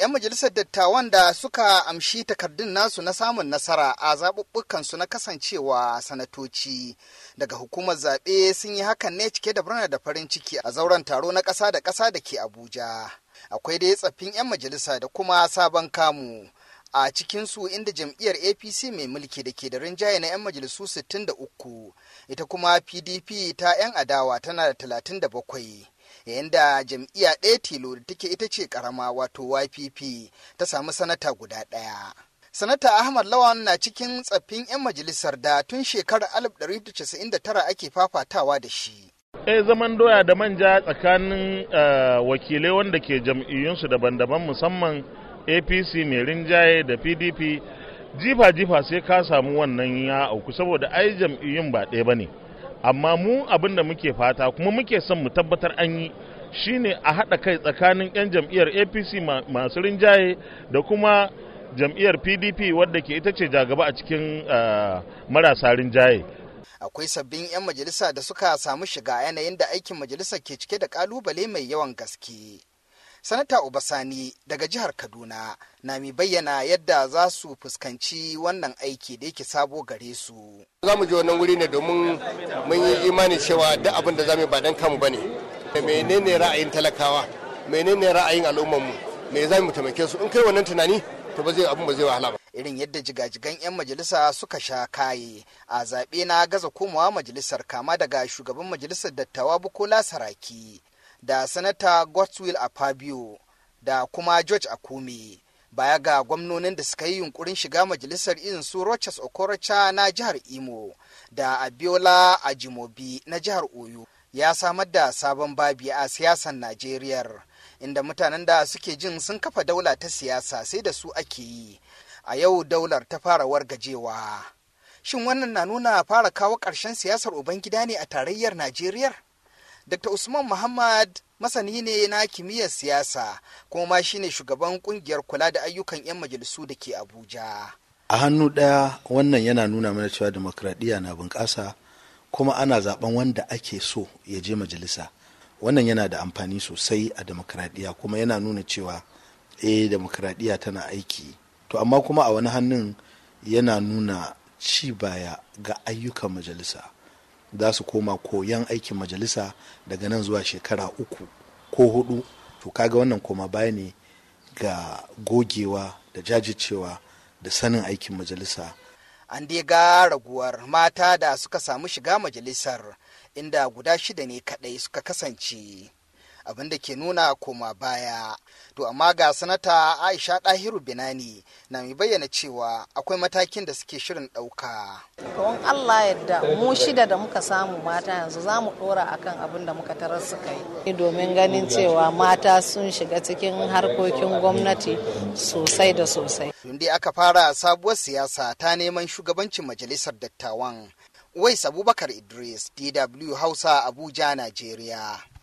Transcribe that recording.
'yan majalisar dattawan da suka amshi takardun nasu na samun nasara a su na kasancewa sanatoci daga hukumar zaɓe sun yi hakan ne cike da murna da farin ciki a zauren taro na ƙasa da ƙasa da ke abuja akwai dai tsaffin 'yan majalisa da kuma sabon kamu a cikinsu inda jam'iyyar apc mai mulki da ke da rinjaye na 'yan majalisu 63 ita kuma pdp ta 'yan adawa tana da 37 yayin da jam'iyya ɗaya tilo da take ita ce karama wato ypp ta samu sanata guda ɗaya sanata ahmad lawan na cikin tsaffin 'yan majalisar da tun shekarar 1999 ake fafatawa da shi e zaman doya da manja tsakanin eh, wakilai wanda ke jam'iyyunsu daban-daban musamman apc mai rinjaye da pdp jifa-jifa sai ka samu wannan ya auku saboda ai jam'iyyun ba ɗaya ba ne amma mu abin da muke fata kuma muke son mu tabbatar an yi shine a haɗa kai tsakanin 'yan jam'iyyar apc masu rinjaye da kuma jam'iyyar pdp wadda ke ita ce jagaba a cikin ah, marasa rinjaye akwai sabbin 'yan majalisa da suka samu shiga yanayin da aikin majalisa ke cike da kalubale mai yawan gaske sanata obasani daga jihar kaduna na mi bayyana yadda za su fuskanci wannan aiki da yake sabo gare su za mu je wannan wuri ne domin mun yi imani cewa duk abin da za mu ba dan kanmu bane menene ra'ayin talakawa menene ra'ayin mu? me za mu taimake su in kai wannan tunani to ba zai abin ba zai wahala ba irin yadda jigajigan 'yan majalisa suka sha kaye a zaɓe na gaza komawa majalisar kama daga shugaban majalisar dattawa bukola saraki da sanata godswill a fabio da kuma george Akumi, baya ga gwamnonin da suka yi yunkurin shiga majalisar irin su rochas okorocha na jihar imo da abiola ajimobi na jihar oyo ya samar da sabon babi a siyasar najeriyar inda mutanen da suke jin sun kafa daula ta siyasa sai da su ake yi a yau daular ta fara wargajewa shin wannan na nuna fara kawo ƙarshen siyasar ubangida ne a tarayyar Najeriya? Dr. Usman Muhammad masani ne na kimiyyar siyasa kuma ma shine shugaban kungiyar kula da ayyukan 'yan majalisu da ke Abuja. A hannu ɗaya wannan yana nuna mana cewa demokradiyya na bunƙasa kuma ana zaben wanda ake so ya je majalisa. Wannan yana da amfani sosai a demokradiyya kuma yana nuna cewa eh demokradiyya tana aiki. To amma kuma a wani hannun yana nuna ci baya ga ayyukan majalisa. za su koma koyan aikin majalisa daga nan zuwa shekara uku ko hudu to kaga wannan koma baya ne ga gogewa da jajircewa da sanin aikin majalisa an dai ga raguwar mata da suka samu shiga majalisar inda guda shida ne kadai suka kasance abin da ke nuna koma baya to amma ga sanata aisha ɗahiru binani na mai bayyana cewa akwai matakin da suke shirin ɗauka don allah yadda mu shida da muka samu mata yanzu za mu ɗora kan abin da muka tarar kai. Ni domin ganin cewa mata sun shiga cikin harkokin gwamnati sosai da sosai tun aka fara sabuwar siyasa ta neman shugabancin majalisar dattawan Wais Abubakar Idris, DW Hausa, Abuja, Najeriya.